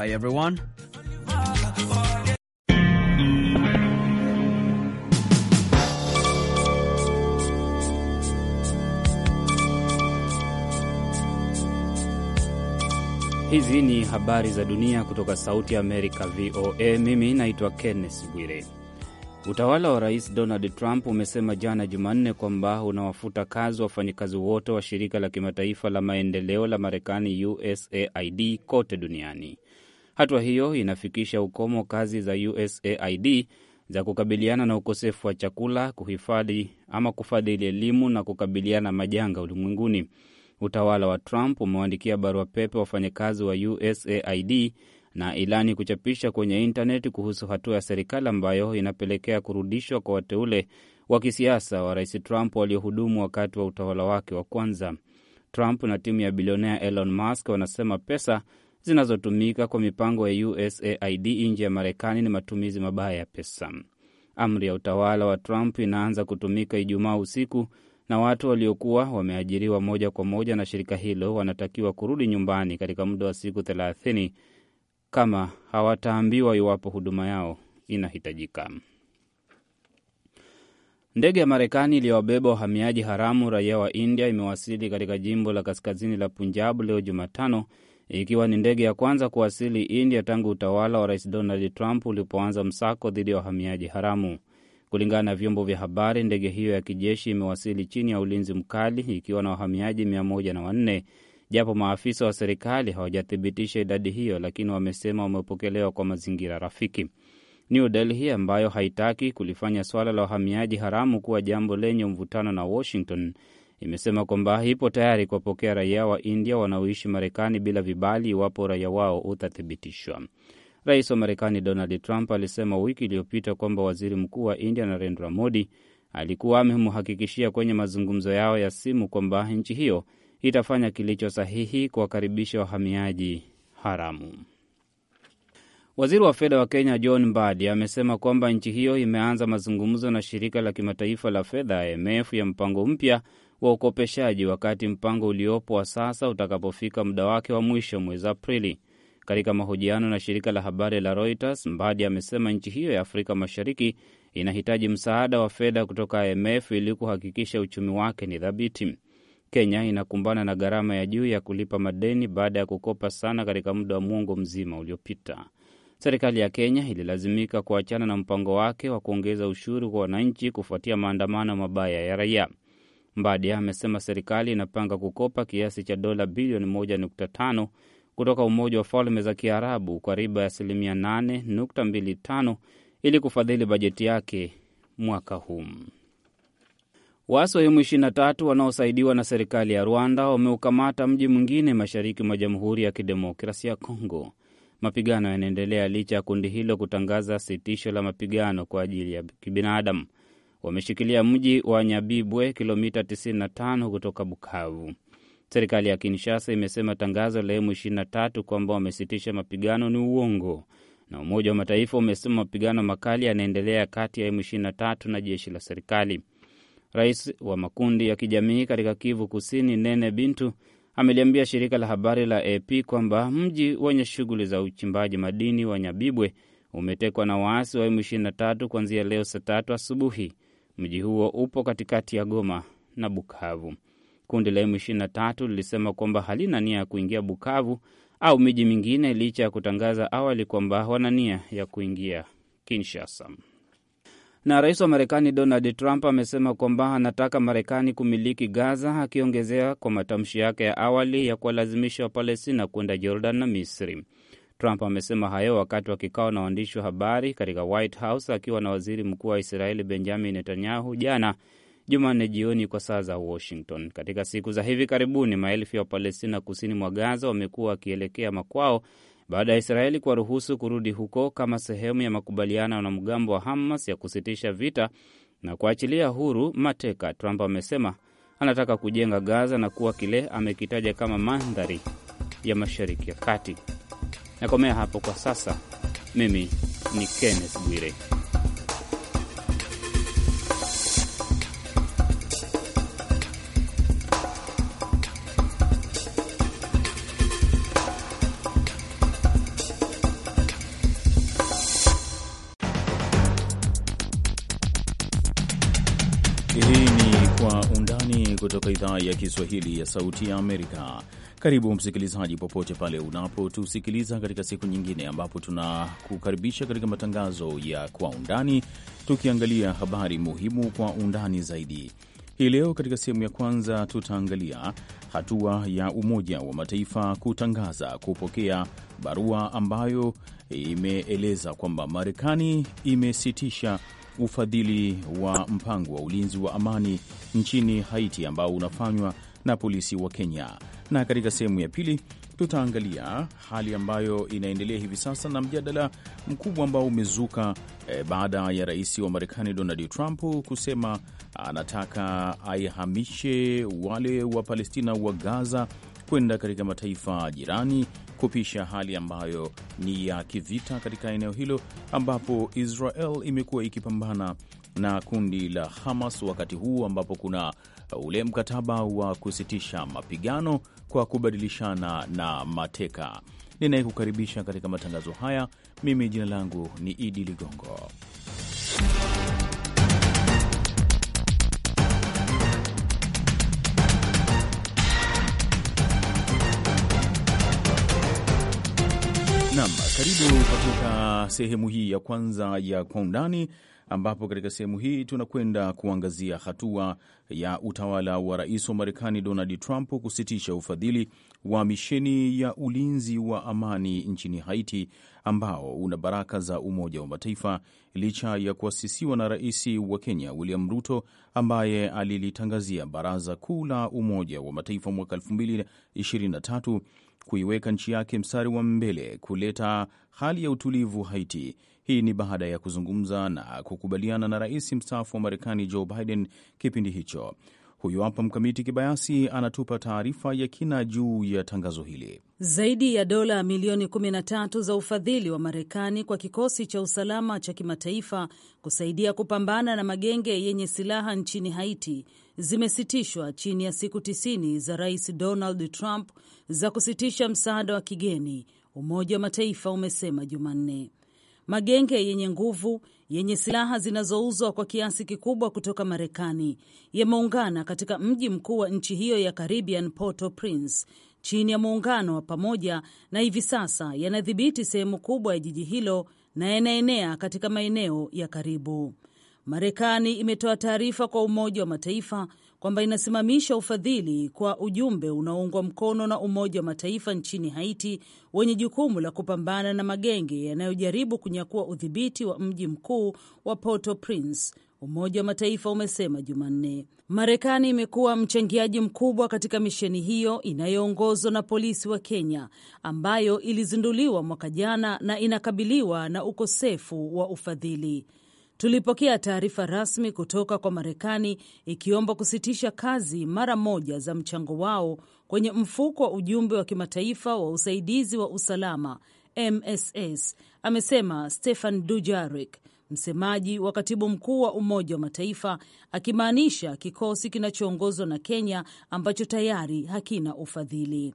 Bye everyone. Hizi ni habari za dunia kutoka Sauti ya Amerika, VOA. Mimi naitwa Kenneth Bwire. Utawala wa Rais Donald Trump umesema jana Jumanne kwamba unawafuta kazi wafanyakazi wote wa shirika la kimataifa la maendeleo la Marekani, USAID, kote duniani. Hatua hiyo inafikisha ukomo kazi za USAID za kukabiliana na ukosefu wa chakula, kuhifadhi ama kufadhili elimu na kukabiliana majanga ulimwenguni. Utawala wa Trump umewaandikia barua pepe wafanyakazi wa USAID na ilani kuchapisha kwenye intaneti kuhusu hatua ya serikali ambayo inapelekea kurudishwa kwa wateule wa kisiasa wa Rais Trump waliohudumu wakati wa utawala wake wa kwanza. Trump na timu ya bilionea Elon Musk wanasema pesa zinazotumika kwa mipango ya USAID nje ya Marekani ni matumizi mabaya ya pesa. Amri ya utawala wa Trump inaanza kutumika Ijumaa usiku na watu waliokuwa wameajiriwa moja kwa moja na shirika hilo wanatakiwa kurudi nyumbani katika muda wa siku thelathini kama hawataambiwa iwapo huduma yao inahitajika. Ndege ya Marekani iliyowabeba wahamiaji haramu raia wa India imewasili katika jimbo la kaskazini la Punjab leo Jumatano ikiwa ni ndege ya kwanza kuwasili India tangu utawala wa Rais Donald Trump ulipoanza msako dhidi ya wahamiaji haramu. Kulingana na vyombo vya habari, ndege hiyo ya kijeshi imewasili chini ya ulinzi mkali ikiwa na wahamiaji mia moja na wanne, japo maafisa wa serikali hawajathibitisha idadi hiyo, lakini wamesema wamepokelewa kwa mazingira rafiki. New Delhi ambayo haitaki kulifanya swala la wahamiaji haramu kuwa jambo lenye mvutano na Washington imesema kwamba ipo tayari kuwapokea raia wa India wanaoishi Marekani bila vibali iwapo raia wao utathibitishwa. Rais wa Marekani Donald Trump alisema wiki iliyopita kwamba waziri mkuu wa India Narendra Modi alikuwa amemhakikishia kwenye mazungumzo yao ya simu kwamba nchi hiyo itafanya kilicho sahihi kuwakaribisha wahamiaji haramu. Waziri wa fedha wa Kenya John Mbadi amesema kwamba nchi hiyo imeanza mazungumzo na shirika la kimataifa la fedha IMF ya mpango mpya wa ukopeshaji wakati mpango uliopo wa sasa utakapofika muda wake wa mwisho mwezi Aprili. Katika mahojiano na shirika la habari la Reuters, Mbadi amesema nchi hiyo ya Afrika Mashariki inahitaji msaada wa fedha kutoka IMF ili kuhakikisha uchumi wake ni thabiti. Kenya inakumbana na gharama ya juu ya kulipa madeni baada ya kukopa sana katika muda wa mwongo mzima uliopita. Serikali ya Kenya ililazimika kuachana na mpango wake wa kuongeza ushuru kwa wananchi kufuatia maandamano mabaya ya raia. Mbadia amesema serikali inapanga kukopa kiasi cha dola bilioni 1.5 kutoka Umoja wa Falme za Kiarabu kwa riba ya asilimia 8.25 ili kufadhili bajeti yake mwaka huu. Waasi wa M23 wanaosaidiwa na serikali ya Rwanda wameukamata mji mwingine mashariki mwa Jamhuri ya Kidemokrasia ya Kongo. Mapigano yanaendelea licha ya kundi hilo kutangaza sitisho la mapigano kwa ajili ya kibinadamu wameshikilia mji wa Nyabibwe, kilomita 95 kutoka Bukavu. Serikali ya Kinshasa imesema tangazo la M23 kwamba wamesitisha mapigano ni uongo, na Umoja wa Mataifa umesema mapigano makali yanaendelea kati ya M23 na jeshi la serikali. Rais wa makundi ya kijamii katika Kivu Kusini, Nene Bintu, ameliambia shirika la habari la AP kwamba mji wenye shughuli za uchimbaji madini wa Nyabibwe umetekwa na waasi wa M23 kuanzia leo saa tatu asubuhi. Mji huo upo katikati ya Goma na Bukavu. Kundi la M23 lilisema kwamba halina nia ya kuingia Bukavu au miji mingine licha ya kutangaza awali kwamba wana nia ya kuingia Kinshasa. Na rais wa Marekani Donald Trump amesema kwamba anataka Marekani kumiliki Gaza, akiongezea kwa matamshi yake ya awali ya kuwalazimisha Wapalestina kwenda Jordan na Misri. Trump amesema hayo wakati wa kikao na waandishi wa habari katika White House akiwa na waziri mkuu wa Israeli Benjamin Netanyahu jana Jumanne jioni kwa saa za Washington. Katika siku za hivi karibuni, maelfu ya Wapalestina kusini mwa Gaza wamekuwa wakielekea makwao baada ya Israeli kuwaruhusu kurudi huko kama sehemu ya makubaliano na mgambo wa Hamas ya kusitisha vita na kuachilia huru mateka. Trump amesema anataka kujenga Gaza na kuwa kile amekitaja kama mandhari ya Mashariki ya Kati. Nakomea hapo kwa sasa. Mimi ni Kenneth Bwire. Hii ni Kwa Undani kutoka idhaa ya Kiswahili ya Sauti ya Amerika. Karibu msikilizaji, popote pale unapotusikiliza katika siku nyingine, ambapo tunakukaribisha katika matangazo ya Kwa Undani, tukiangalia habari muhimu kwa undani zaidi. Hii leo katika sehemu ya kwanza tutaangalia hatua ya Umoja wa Mataifa kutangaza kupokea barua ambayo imeeleza kwamba Marekani imesitisha ufadhili wa mpango wa ulinzi wa amani nchini Haiti ambao unafanywa na polisi wa Kenya na katika sehemu ya pili tutaangalia hali ambayo inaendelea hivi sasa na mjadala mkubwa ambao umezuka e, baada ya rais wa Marekani Donald Trump kusema anataka aihamishe wale wa Palestina wa Gaza kwenda katika mataifa jirani kupisha hali ambayo ni ya kivita katika eneo hilo ambapo Israel imekuwa ikipambana na kundi la Hamas wakati huu ambapo kuna ule mkataba wa kusitisha mapigano kwa kubadilishana na mateka. Ninayekukaribisha katika matangazo haya mimi, jina langu ni Idi Ligongo. Nam, karibu katika sehemu hii ya kwanza ya Kwa Undani ambapo katika sehemu hii tunakwenda kuangazia hatua ya utawala wa rais wa Marekani Donald Trump kusitisha ufadhili wa misheni ya ulinzi wa amani nchini Haiti ambao una baraka za Umoja wa Mataifa licha ya kuasisiwa na rais wa Kenya William Ruto ambaye alilitangazia Baraza Kuu la Umoja wa Mataifa mwaka 2023 kuiweka nchi yake mstari wa mbele kuleta hali ya utulivu Haiti hii ni baada ya kuzungumza na kukubaliana na rais mstaafu wa Marekani Joe Biden kipindi hicho. Huyu hapa Mkamiti Kibayasi anatupa taarifa ya kina juu ya tangazo hili. Zaidi ya dola milioni 13 za ufadhili wa Marekani kwa kikosi cha usalama cha kimataifa kusaidia kupambana na magenge yenye silaha nchini Haiti zimesitishwa chini ya siku 90 za Rais Donald Trump za kusitisha msaada wa kigeni, Umoja wa Mataifa umesema Jumanne magenge yenye nguvu yenye silaha zinazouzwa kwa kiasi kikubwa kutoka Marekani yameungana katika mji mkuu wa nchi hiyo ya Caribbean, Porto prince chini ya muungano wa pamoja, na hivi sasa yanadhibiti sehemu kubwa ya jiji hilo na yanaenea katika maeneo ya karibu. Marekani imetoa taarifa kwa Umoja wa Mataifa kwamba inasimamisha ufadhili kwa ujumbe unaoungwa mkono na Umoja wa Mataifa nchini Haiti wenye jukumu la kupambana na magenge yanayojaribu kunyakua udhibiti wa mji mkuu wa Port-au-Prince. Umoja wa Mataifa umesema Jumanne. Marekani imekuwa mchangiaji mkubwa katika misheni hiyo inayoongozwa na polisi wa Kenya, ambayo ilizinduliwa mwaka jana na inakabiliwa na ukosefu wa ufadhili tulipokea taarifa rasmi kutoka kwa Marekani ikiomba kusitisha kazi mara moja za mchango wao kwenye mfuko wa ujumbe wa kimataifa wa usaidizi wa usalama MSS, amesema Stefan Dujarric, msemaji wa katibu mkuu wa Umoja wa Mataifa, akimaanisha kikosi kinachoongozwa na Kenya ambacho tayari hakina ufadhili.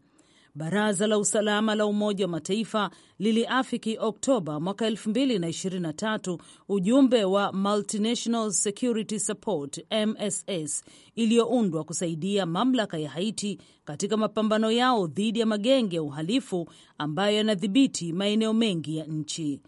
Baraza la Usalama la Umoja wa Mataifa liliafiki Oktoba mwaka 2023 ujumbe wa Multinational Security Support MSS iliyoundwa kusaidia mamlaka ya Haiti katika mapambano yao dhidi ya magenge ya uhalifu ambayo yanadhibiti maeneo mengi ya nchi.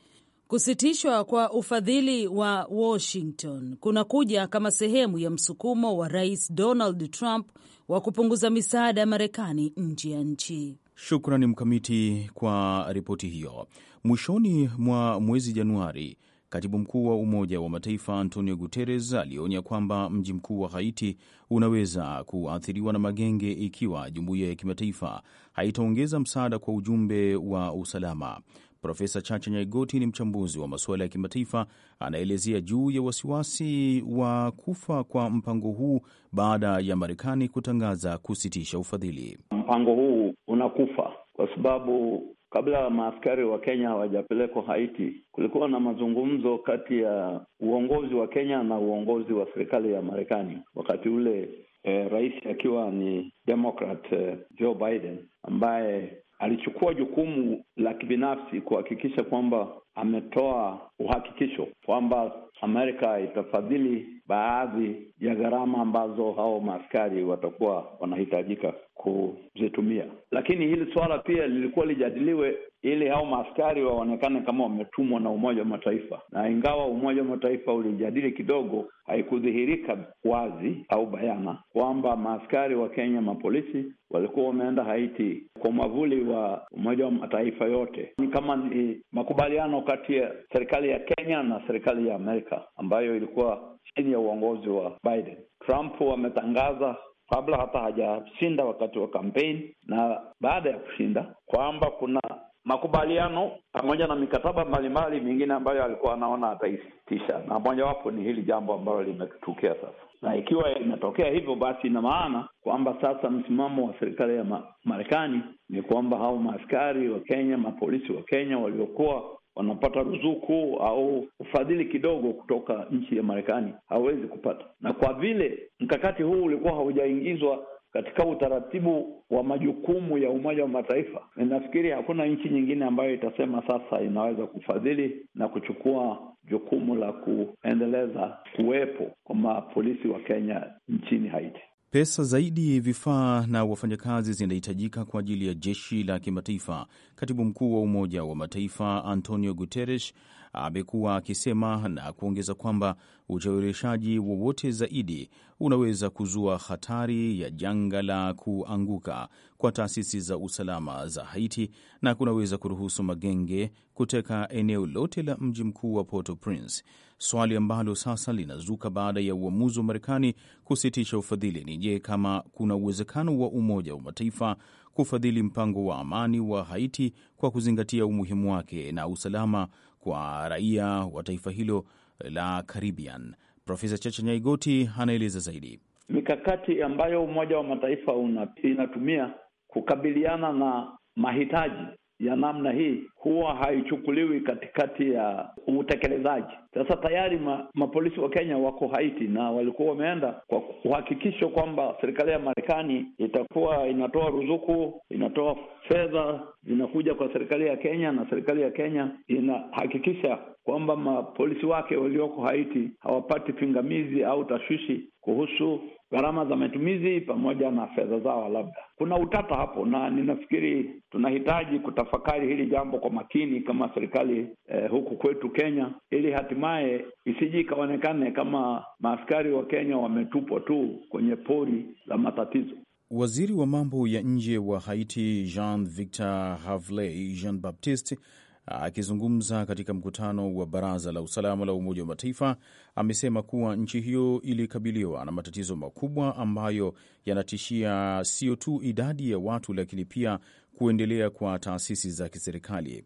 Kusitishwa kwa ufadhili wa Washington kunakuja kama sehemu ya msukumo wa Rais Donald Trump wa kupunguza misaada ya Marekani nje ya nchi. Shukrani Mkamiti kwa ripoti hiyo. Mwishoni mwa mwezi Januari, katibu mkuu wa Umoja wa Mataifa Antonio Guterres alionya kwamba mji mkuu wa Haiti unaweza kuathiriwa na magenge ikiwa jumuiya ya kimataifa haitaongeza msaada kwa ujumbe wa usalama. Profesa Chacha Nyaigoti ni mchambuzi wa masuala ya kimataifa, anaelezea juu ya wasiwasi wa kufa kwa mpango huu baada ya Marekani kutangaza kusitisha ufadhili. Mpango huu unakufa kwa sababu kabla maaskari wa Kenya hawajapelekwa Haiti, kulikuwa na mazungumzo kati ya uongozi wa Kenya na uongozi wa serikali ya Marekani wakati ule, eh, rais akiwa ni Democrat eh, Joe Biden ambaye alichukua jukumu la kibinafsi kuhakikisha kwamba ametoa uhakikisho kwamba Amerika itafadhili baadhi ya gharama ambazo hao maaskari watakuwa wanahitajika kuzitumia. Lakini hili suala pia lilikuwa lijadiliwe ili hao maaskari waonekane kama wametumwa na Umoja wa Mataifa, na ingawa Umoja wa Mataifa ulijadili kidogo, haikudhihirika wazi au bayana kwamba maaskari wa Kenya, mapolisi walikuwa wameenda Haiti kwa mwavuli wa Umoja wa Mataifa. Yote ni kama ni makubaliano kati ya serikali ya Kenya na serikali ya Amerika ambayo ilikuwa chini ya uongozi wa Biden. Trump wametangaza kabla hata hajashinda wakati wa kampeni na baada ya kushinda kwamba kuna makubaliano pamoja na mikataba mbalimbali mingine ambayo alikuwa anaona ataisitisha, na mojawapo ni hili jambo ambalo limetokea sasa. Na ikiwa imetokea hivyo, basi ina maana kwamba sasa msimamo wa serikali ya Marekani ni kwamba hao maaskari wa Kenya, mapolisi wa Kenya waliokuwa wanapata ruzuku au ufadhili kidogo kutoka nchi ya Marekani hawawezi kupata, na kwa vile mkakati huu ulikuwa haujaingizwa katika utaratibu wa majukumu ya Umoja wa Mataifa, ninafikiri hakuna nchi nyingine ambayo itasema sasa inaweza kufadhili na kuchukua jukumu la kuendeleza kuwepo kwa mapolisi wa Kenya nchini Haiti. Pesa zaidi, vifaa na wafanyakazi zinahitajika kwa ajili ya jeshi la kimataifa. Katibu mkuu wa Umoja wa Mataifa Antonio Guterres amekuwa akisema na kuongeza kwamba uchawirishaji wowote zaidi unaweza kuzua hatari ya janga la kuanguka kwa taasisi za usalama za Haiti na kunaweza kuruhusu magenge kuteka eneo lote la mji mkuu wa Port-au-Prince, swali ambalo sasa linazuka baada ya uamuzi wa Marekani kusitisha ufadhili ni je, kama kuna uwezekano wa Umoja wa Mataifa kufadhili mpango wa amani wa Haiti kwa kuzingatia umuhimu wake na usalama kwa raia wa taifa hilo la Caribbean. Profesa Chacha Nyaigoti anaeleza zaidi mikakati ambayo Umoja wa Mataifa unatumia kukabiliana na mahitaji ya namna hii huwa haichukuliwi katikati ya utekelezaji. Sasa tayari ma, mapolisi wa Kenya wako Haiti na walikuwa wameenda kwa kuhakikisha kwamba serikali ya Marekani itakuwa inatoa ruzuku, inatoa fedha zinakuja kwa serikali ya Kenya, na serikali ya Kenya inahakikisha kwamba mapolisi wake walioko Haiti hawapati pingamizi au tashwishi kuhusu gharama za matumizi pamoja na fedha zao. Labda kuna utata hapo, na ninafikiri tunahitaji kutafakari hili jambo kwa makini kama serikali eh, huku kwetu Kenya, ili hatimaye isiji ikaonekane kama maaskari wa Kenya wametupwa tu kwenye pori la matatizo. Waziri wa mambo ya nje wa Haiti Jean Victor Havley Jean Baptiste Akizungumza katika mkutano wa Baraza la Usalama la Umoja wa Mataifa, amesema kuwa nchi hiyo ilikabiliwa na matatizo makubwa ambayo yanatishia sio tu idadi ya watu, lakini pia kuendelea kwa taasisi za kiserikali.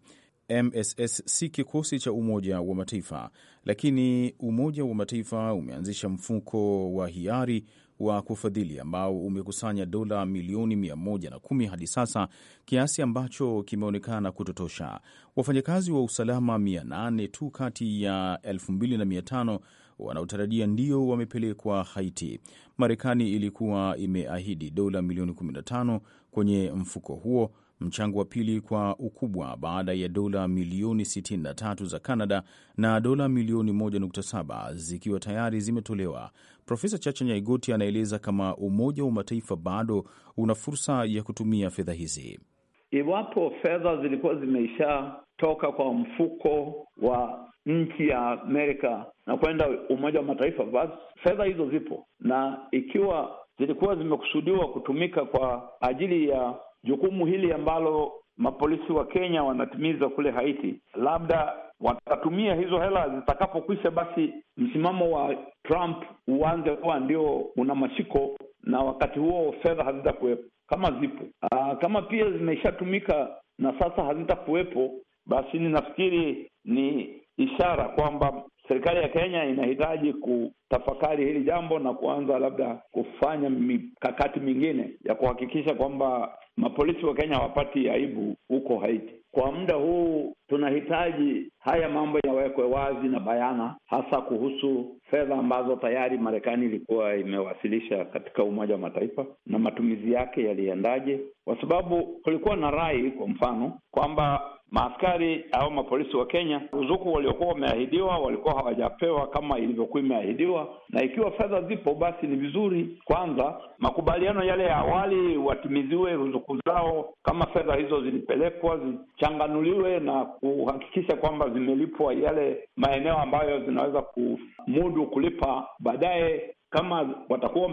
MSS si kikosi cha Umoja wa Mataifa, lakini Umoja wa Mataifa umeanzisha mfuko wa hiari wa kufadhili ambao umekusanya dola milioni 110 hadi sasa, kiasi ambacho kimeonekana kutotosha. Wafanyakazi wa usalama 800 tu kati ya 2500 wanaotarajia ndio wamepelekwa Haiti. Marekani ilikuwa imeahidi dola milioni 15 kwenye mfuko huo mchango wa pili kwa ukubwa baada ya dola milioni 63 za Canada na dola milioni 1.7 zikiwa tayari zimetolewa. Profesa Chacha Nyaigoti anaeleza kama Umoja wa Mataifa bado una fursa ya kutumia fedha hizi. Iwapo fedha zilikuwa zimeishatoka kwa mfuko wa nchi ya Amerika na kwenda Umoja wa Mataifa, basi fedha hizo zipo, na ikiwa zilikuwa zimekusudiwa kutumika kwa ajili ya jukumu hili ambalo mapolisi wa Kenya wanatimiza kule Haiti, labda watatumia hizo hela zitakapokwisha, basi msimamo wa Trump uanze kuwa ndio una mashiko, na wakati huo fedha hazitakuwepo kama zipo. Aa, ah, kama pia zimeshatumika na sasa hazitakuwepo, basi ninafikiri ni ishara kwamba serikali ya Kenya inahitaji kutafakari hili jambo na kuanza labda kufanya mikakati mingine ya kuhakikisha kwamba mapolisi wa Kenya hawapati aibu huko Haiti. Kwa muda huu tunahitaji haya mambo yawekwe wazi na bayana, hasa kuhusu fedha ambazo tayari Marekani ilikuwa imewasilisha katika Umoja wa Mataifa na matumizi yake yaliendaje, kwa sababu kulikuwa na rai, kwa mfano, kwamba Maaskari au mapolisi wa Kenya ruzuku waliokuwa wameahidiwa walikuwa hawajapewa kama ilivyokuwa imeahidiwa, na ikiwa fedha zipo, basi ni vizuri kwanza makubaliano yale ya awali watimiziwe ruzuku zao, kama fedha hizo zilipelekwa zichanganuliwe na kuhakikisha kwamba zimelipwa yale maeneo ambayo zinaweza kumudu kulipa baadaye. Kama watakuwa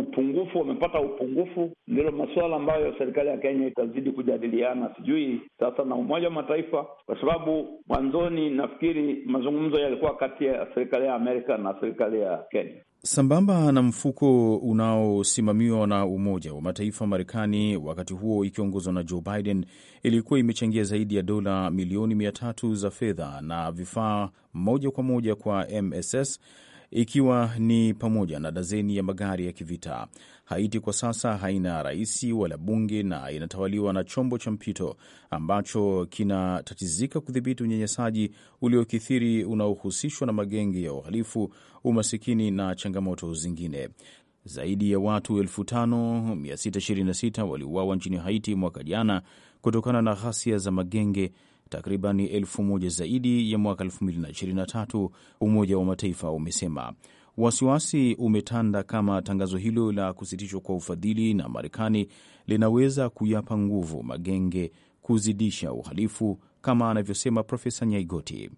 upungufu wamepata upungufu, ndilo masuala ambayo serikali ya Kenya itazidi kujadiliana, sijui sasa na Umoja wa Mataifa, kwa sababu mwanzoni nafikiri mazungumzo yalikuwa kati ya serikali ya Amerika na serikali ya Kenya sambamba na mfuko unaosimamiwa na Umoja wa Mataifa. Marekani wakati huo ikiongozwa na Joe Biden ilikuwa imechangia zaidi ya dola milioni mia tatu za fedha na vifaa moja kwa moja kwa MSS ikiwa ni pamoja na dazeni ya magari ya kivita. Haiti kwa sasa haina rais wala bunge na inatawaliwa na chombo cha mpito ambacho kinatatizika kudhibiti unyanyasaji uliokithiri unaohusishwa na magenge ya uhalifu, umasikini na changamoto zingine. Zaidi ya watu 5626 waliuawa nchini Haiti mwaka jana kutokana na ghasia za magenge takribani elfu moja zaidi ya mwaka 2023, Umoja wa Mataifa umesema. Wasiwasi umetanda kama tangazo hilo la kusitishwa kwa ufadhili na Marekani linaweza kuyapa nguvu magenge kuzidisha uhalifu, kama anavyosema Profesa Nyaigoti.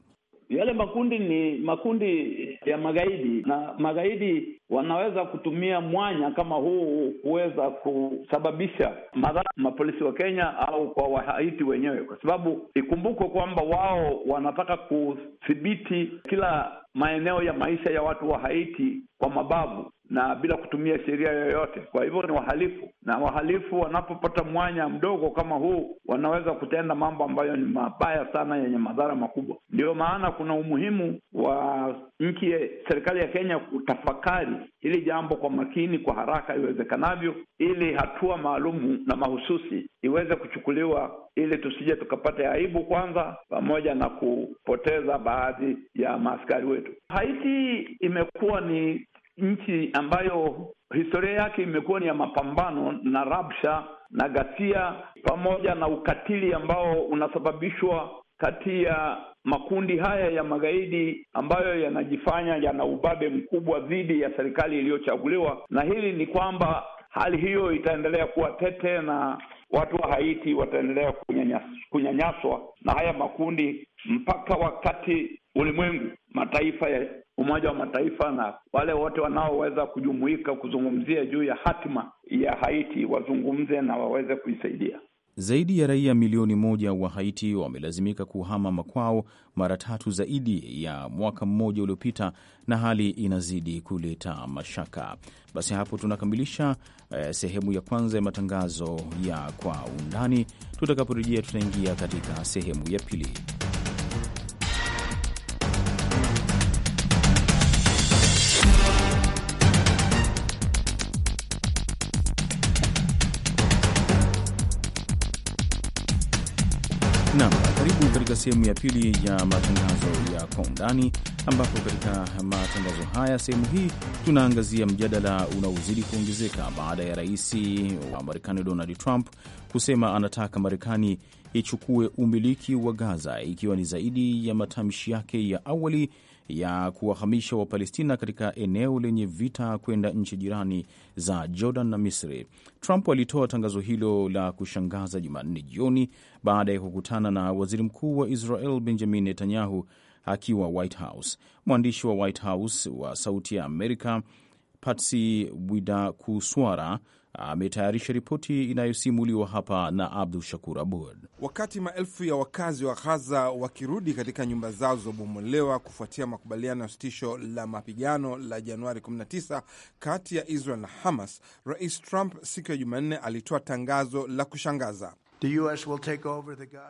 Yale makundi ni makundi ya magaidi, na magaidi wanaweza kutumia mwanya kama huu kuweza kusababisha madhara mapolisi wa Kenya au kwa Wahaiti wenyewe, kwa sababu ikumbukwe kwamba wao wanataka kudhibiti kila maeneo ya maisha ya watu wa Haiti kwa mabavu na bila kutumia sheria yoyote. Kwa hivyo ni wahalifu, na wahalifu wanapopata mwanya mdogo kama huu, wanaweza kutenda mambo ambayo ni mabaya sana, yenye madhara makubwa. Ndiyo maana kuna umuhimu wa nchi, serikali ya Kenya kutafakari hili jambo kwa makini, kwa haraka iwezekanavyo, ili hatua maalumu na mahususi iweze kuchukuliwa, ili tusije tukapata aibu kwanza, pamoja na kupoteza baadhi ya maaskari wetu. Haiti imekuwa ni nchi ambayo historia yake imekuwa ni ya mapambano na rabsha na ghasia pamoja na ukatili ambao unasababishwa kati ya makundi haya ya magaidi ambayo yanajifanya yana ubabe mkubwa dhidi ya serikali iliyochaguliwa, na hili ni kwamba hali hiyo itaendelea kuwa tete na watu wa Haiti wataendelea kunyanyaswa, kunyanyaswa na haya makundi mpaka wakati ulimwengu mataifa ya Umoja wa Mataifa na wale wote wanaoweza kujumuika kuzungumzia juu ya hatima ya Haiti wazungumze na waweze kuisaidia. Zaidi ya raia milioni moja wa Haiti wamelazimika kuhama makwao mara tatu zaidi ya mwaka mmoja uliopita, na hali inazidi kuleta mashaka. Basi hapo tunakamilisha eh, sehemu ya kwanza ya matangazo ya Kwa Undani. Tutakaporejea tutaingia katika sehemu ya pili. sehemu ya pili ya matangazo ya Kwa Undani, ambapo katika matangazo haya sehemu hii tunaangazia mjadala unaozidi kuongezeka baada ya rais wa Marekani Donald Trump kusema anataka Marekani ichukue umiliki wa Gaza, ikiwa ni zaidi ya matamshi yake ya awali ya kuwahamisha Wapalestina katika eneo lenye vita kwenda nchi jirani za Jordan na Misri. Trump alitoa tangazo hilo la kushangaza Jumanne jioni baada ya kukutana na waziri mkuu wa Israel Benjamin Netanyahu akiwa White House. Mwandishi wa White House wa Sauti ya Amerika Patsy Widakuswara ametayarisha ripoti inayosimuliwa hapa na Abdu Shakur Abud. Wakati maelfu ya wakazi wa Ghaza wakirudi katika nyumba zao zilizobomolewa kufuatia makubaliano ya sitisho la mapigano la Januari 19 kati ya Israel na Hamas, Rais Trump siku ya Jumanne alitoa tangazo la kushangaza.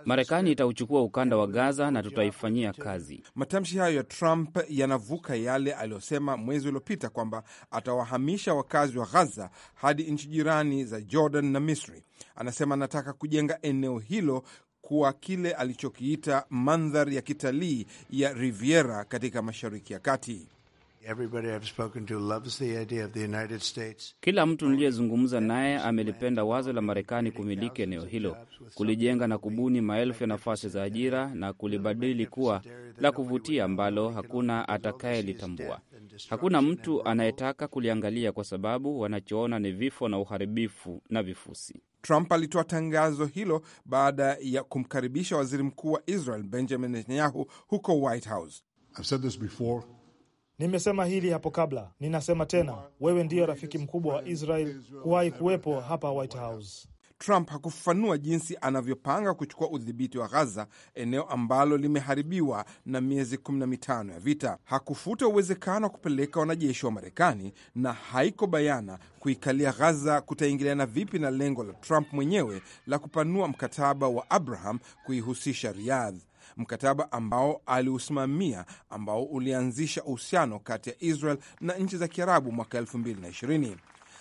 Marekani itauchukua ukanda wa Gaza na tutaifanyia kazi. Matamshi hayo ya Trump yanavuka yale aliyosema mwezi uliopita kwamba atawahamisha wakazi wa Gaza hadi nchi jirani za Jordan na Misri. Anasema anataka kujenga eneo hilo kuwa kile alichokiita mandhari ya kitalii ya Riviera katika Mashariki ya Kati. Kila mtu niliyezungumza naye amelipenda wazo la Marekani kumiliki eneo hilo, kulijenga na kubuni maelfu ya nafasi za ajira na kulibadili kuwa la kuvutia ambalo hakuna atakayelitambua. Hakuna mtu anayetaka kuliangalia kwa sababu wanachoona ni vifo na uharibifu na vifusi. Trump alitoa tangazo hilo baada ya kumkaribisha waziri mkuu wa Israel Benjamin Netanyahu huko White House. I've said this before. Nimesema hili hapo kabla, ninasema tena, wewe ndiyo rafiki mkubwa wa Israel kuwahi kuwepo hapa White House. Trump hakufafanua jinsi anavyopanga kuchukua udhibiti wa Gaza, eneo ambalo limeharibiwa na miezi 15 ya vita. Hakufuta uwezekano wa kupeleka wanajeshi wa Marekani na haiko bayana kuikalia Gaza kutaingiliana vipi na lengo la Trump mwenyewe la kupanua mkataba wa Abraham kuihusisha Riyadh mkataba ambao aliusimamia ambao ulianzisha uhusiano kati ya Israel na nchi za Kiarabu mwaka 2020.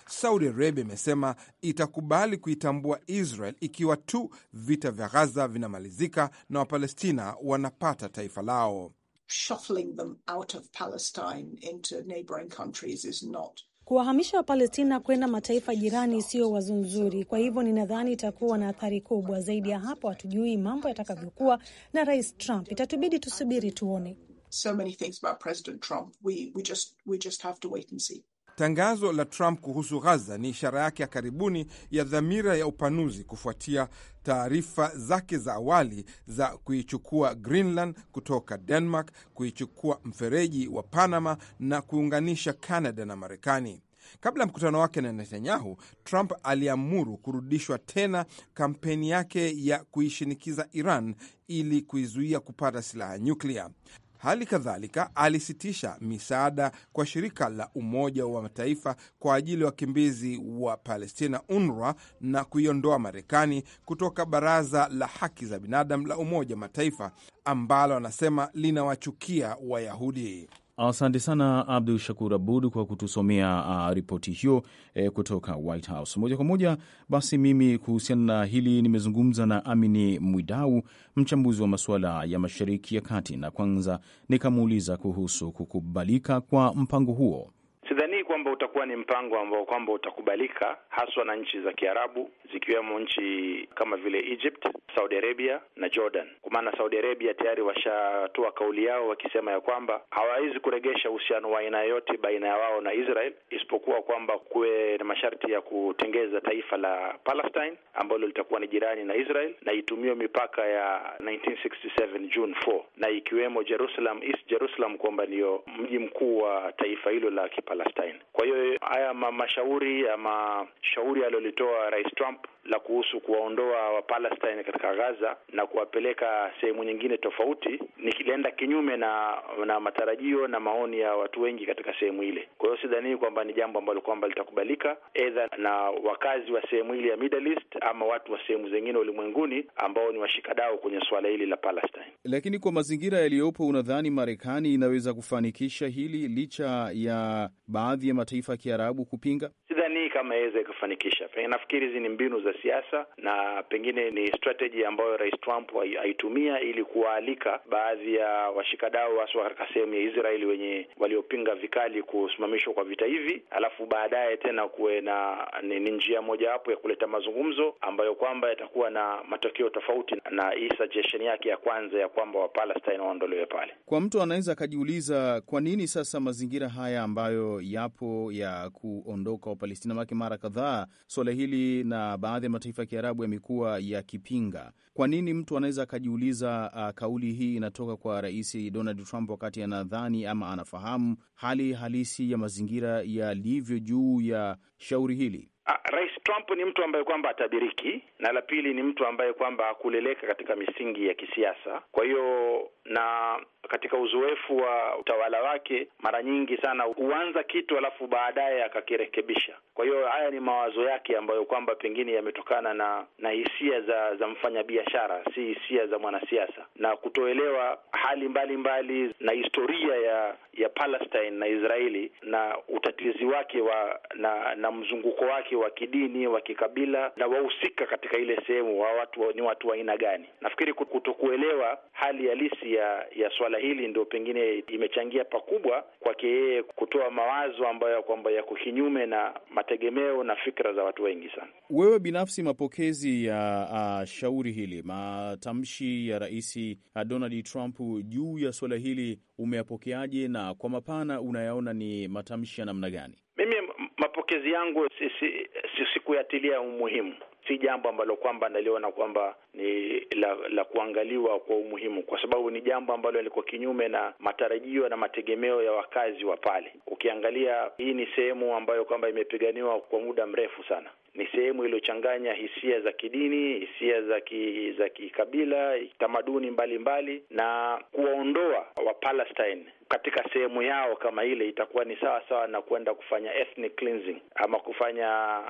Saudi Arabia imesema itakubali kuitambua Israel ikiwa tu vita vya Ghaza vinamalizika na Wapalestina wanapata taifa lao. Shuffling them out of Palestine into neighboring countries is not kuwahamisha Wapalestina kwenda mataifa jirani sio wazo nzuri. Kwa hivyo ninadhani itakuwa na athari kubwa zaidi ya hapo. Hatujui mambo yatakavyokuwa na Rais Trump, itatubidi tusubiri tuone. So many things about President Trump. We, we just, we just have to wait and see. Tangazo la Trump kuhusu Ghaza ni ishara yake ya karibuni ya dhamira ya upanuzi kufuatia taarifa zake za awali za kuichukua Greenland kutoka Denmark, kuichukua mfereji wa Panama na kuunganisha Canada na Marekani. Kabla ya mkutano wake na Netanyahu, Trump aliamuru kurudishwa tena kampeni yake ya kuishinikiza Iran ili kuizuia kupata silaha nyuklia. Hali kadhalika alisitisha misaada kwa shirika la Umoja wa Mataifa kwa ajili ya wa wakimbizi wa Palestina, UNRWA, na kuiondoa Marekani kutoka Baraza la Haki za Binadamu la Umoja wa Mataifa ambalo anasema linawachukia Wayahudi. Asante sana Abdu Shakur Abud kwa kutusomea uh, ripoti hiyo eh, kutoka White House moja kwa moja. Basi mimi kuhusiana na hili nimezungumza na Amini Mwidau, mchambuzi wa masuala ya Mashariki ya Kati, na kwanza nikamuuliza kuhusu kukubalika kwa mpango huo kwamba utakuwa ni mpango ambao kwamba utakubalika haswa na nchi za Kiarabu zikiwemo nchi kama vile Egypt, Saudi Arabia na Jordan, kwa maana Saudi Arabia tayari washatoa kauli yao wakisema ya kwamba hawawezi kuregesha uhusiano wa aina yoyote baina ya wao na Israel isipokuwa kwamba kuwe na masharti ya kutengeza taifa la Palestine ambalo litakuwa ni jirani na Israel na itumiwe mipaka ya 1967 June 4 na ikiwemo Jerusalem, East Jerusalem kwamba ndiyo mji mkuu wa taifa hilo la Kipalestina. Kwa hiyo haya mashauri ama shauri alilolitoa Rais Trump la kuhusu kuwaondoa Wapalestina katika Gaza na kuwapeleka sehemu nyingine tofauti nikilienda kinyume na na matarajio na maoni ya watu wengi katika sehemu ile. Kwa hiyo sidhanii kwamba ni jambo ambalo kwamba litakubalika edha na wakazi wa sehemu ile ya Middle East ama watu wa sehemu zingine ulimwenguni ambao ni washikadau kwenye suala hili la Palestine. Lakini kwa mazingira yaliyopo, unadhani Marekani inaweza kufanikisha hili licha ya baadhi ya mataifa ya Kiarabu kupinga? Sidhanii kama iweza ikafanikisha. Nafikiri hizi ni mbinu za za siasa, na pengine ni strategy ambayo Rais Trump aitumia ili kuwaalika baadhi ya washikadau haswa katika sehemu ya Israeli wenye waliopinga vikali kusimamishwa kwa vita hivi, alafu baadaye tena kuwe na ni njia mojawapo ya kuleta mazungumzo ambayo kwamba yatakuwa na matokeo tofauti na hii suggestion yake ya kwanza ya kwamba Wapalestina waondolewe pale. Kwa mtu anaweza akajiuliza kwa nini sasa mazingira haya ambayo yapo ya kuondoka Wapalestina, make mara kadhaa swala hili na baadhi baadhi ya mataifa ya Kiarabu yamekuwa yakipinga. Kwa nini? Mtu anaweza akajiuliza, uh, kauli hii inatoka kwa Rais Donald Trump wakati anadhani ama anafahamu hali halisi ya mazingira yalivyo juu ya shauri hili. Ah, Rais Trump ni mtu ambaye kwamba atabiriki, na la pili ni mtu ambaye kwamba akuleleka katika misingi ya kisiasa. Kwa hiyo na katika uzoefu wa utawala wake, mara nyingi sana huanza kitu alafu baadaye akakirekebisha. Kwa hiyo haya ni mawazo yake ambayo kwamba pengine yametokana na na hisia za za mfanyabiashara, si hisia za mwanasiasa, na kutoelewa hali mbalimbali mbali na historia ya ya Palestine na Israeli na utatizi wake wa na na mzunguko wake wa kidini, wa kikabila na wahusika katika ile sehemu wa watu ni watu wa aina gani. Nafikiri kutokuelewa hali halisi ya ya swala hili ndio pengine imechangia pakubwa kwake yeye kutoa mawazo ambayo kwamba yako kinyume na mategemeo na fikra za watu wengi sana. Wewe binafsi, mapokezi ya uh, shauri hili, matamshi ya Rais Donald Trump juu ya swala hili umeyapokeaje, na kwa mapana unayaona ni matamshi ya namna gani? Mimi mapokezi yangu kuyatilia umuhimu, si jambo ambalo kwamba naliona kwamba ni la, la kuangaliwa kwa umuhimu, kwa sababu ni jambo ambalo liko kinyume na matarajio na mategemeo ya wakazi wa pale. Ukiangalia, hii ni sehemu ambayo kwamba imepiganiwa kwa muda mrefu sana ni sehemu iliyochanganya hisia za kidini, hisia za ki, za kikabila, tamaduni mbalimbali, na kuwaondoa Wapalestine katika sehemu yao kama ile itakuwa ni sawa sawa na kwenda kufanya ethnic cleansing ama kufanya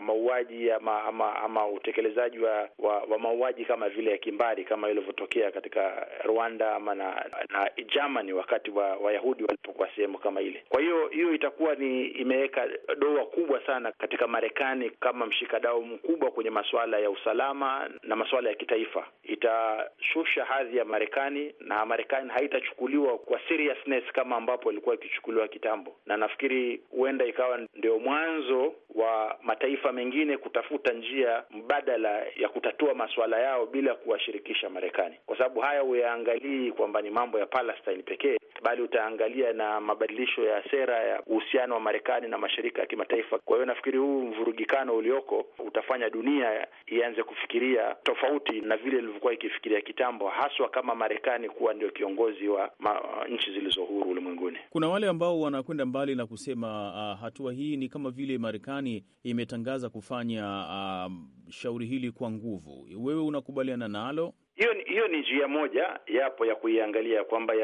mauaji ma, ama, ama, ama utekelezaji wa, wa, kwa mauaji kama vile ya kimbari kama ilivyotokea katika Rwanda ama na, na Germany wakati wa Wayahudi walipokuwa sehemu kama ile. Kwa hiyo hiyo itakuwa ni imeweka doa kubwa sana katika Marekani kama mshikadau mkubwa kwenye masuala ya usalama na masuala ya kitaifa. Itashusha hadhi ya Marekani na Marekani haitachukuliwa kwa seriousness kama ambapo ilikuwa ikichukuliwa kitambo, na nafikiri huenda ikawa ndio mwanzo wa mataifa mengine kutafuta njia mbadala ya kutatua masuala yao bila kuwashirikisha Marekani, kwa sababu haya huyaangalii kwamba ni mambo ya Palestine pekee, bali utaangalia na mabadilisho ya sera ya uhusiano wa Marekani na mashirika ya kimataifa. Kwa hiyo nafikiri huu mvurugikano ulioko utafanya dunia ianze kufikiria tofauti na vile ilivyokuwa ikifikiria kitambo, haswa kama Marekani kuwa ndio kiongozi wa ma, nchi zilizo huru ulimwenguni. Kuna wale ambao wanakwenda mbali na kusema uh, hatua hii ni kama vile Marekani imetangaza kufanya uh, shauri hili kwa nguvu. Wewe unakubaliana nalo? hiyo hiyo ni njia moja yapo ya kuiangalia kwamba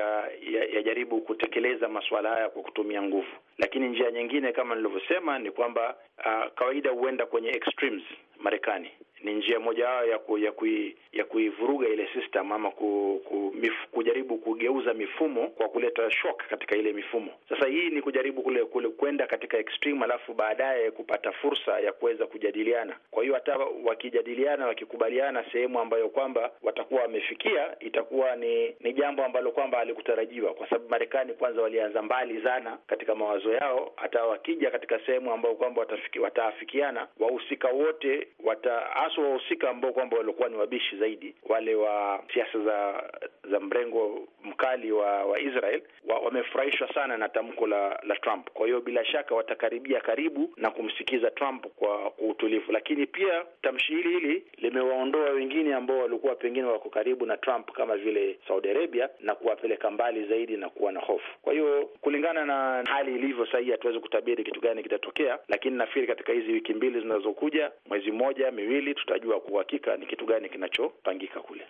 yajaribu ya, ya kutekeleza masuala haya kwa kutumia nguvu, lakini njia nyingine kama nilivyosema ni kwamba uh, kawaida huenda kwenye extremes Marekani ni njia moja yao ya ku, ya kui, ya kuivuruga ile system ama ku, ku, mif, kujaribu kugeuza mifumo kwa kuleta shock katika ile mifumo. Sasa hii ni kujaribu kule kule kwenda katika extreme, alafu baadaye kupata fursa ya kuweza kujadiliana. Kwa hiyo hata wakijadiliana, wakikubaliana sehemu ambayo kwamba watakuwa wamefikia, itakuwa ni ni jambo ambalo kwamba halikutarajiwa, kwa sababu Marekani kwanza walianza mbali sana katika mawazo yao. Hata wakija katika sehemu ambayo kwamba wataafikiana, wahusika wote wata hasa wahusika ambao kwamba walikuwa ni wabishi zaidi, wale wa siasa za za mrengo mkali wa wa Israel wamefurahishwa wa sana na tamko la la Trump. Kwa hiyo bila shaka watakaribia karibu na kumsikiza Trump kwa utulivu, lakini pia tamshi hili hili limewaondoa wengine ambao walikuwa pengine wako karibu na Trump kama vile Saudi Arabia na kuwapeleka mbali zaidi na kuwa na hofu. Kwa hiyo kulingana na hali ilivyo sasa hii, hatuwezi kutabiri kitu gani kitatokea, lakini nafikiri katika hizi wiki mbili zinazokuja, mwezi mmoja miwili, tutajua kwa uhakika ni kitu gani kinachopangika kule.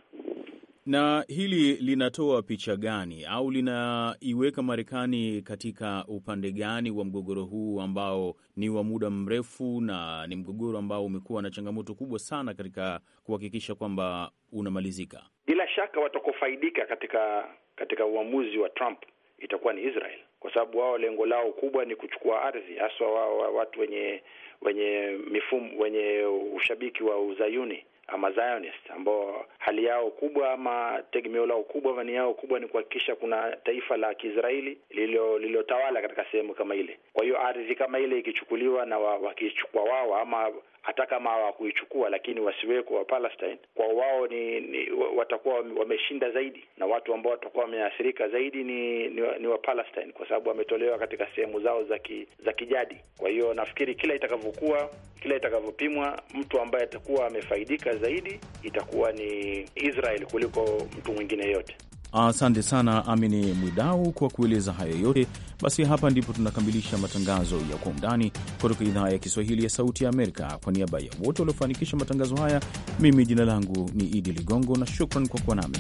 Na hili linatoa picha gani au linaiweka Marekani katika upande gani wa mgogoro huu ambao ni wa muda mrefu na ni mgogoro ambao umekuwa na changamoto kubwa sana katika kuhakikisha kwamba unamalizika? Bila shaka watakofaidika katika katika uamuzi wa Trump itakuwa ni Israel kwa sababu wao lengo lao kubwa ni kuchukua ardhi, haswa wao watu wenye wenye mifumo wenye ushabiki wa uzayuni ama Zionist ambao hali yao kubwa ama tegemeo lao kubwa ama nia yao kubwa ni kuhakikisha kuna taifa la Kiisraeli lililotawala katika sehemu kama ile. Kwa hiyo ardhi kama ile ikichukuliwa na wakichukua wao ama hata kama hawakuichukua, lakini wasiwekwe wa Palestine, kwa wao ni, ni watakuwa wameshinda zaidi, na watu ambao watakuwa wameathirika zaidi ni, ni, ni wa Palestine, kwa sababu wametolewa katika sehemu zao za ki, za kijadi. Kwa hiyo nafikiri kila itakavyokuwa, kila itakavyopimwa, mtu ambaye atakuwa amefaidika zaidi itakuwa ni Israel kuliko mtu mwingine yote Asante sana Amini Mwidau kwa kueleza hayo yote. Basi hapa ndipo tunakamilisha matangazo ya Kwa Undani kutoka idhaa ya Kiswahili ya Sauti ya Amerika. Kwa niaba ya wote waliofanikisha matangazo haya, mimi jina langu ni Idi Ligongo na shukran kwa kuwa nami.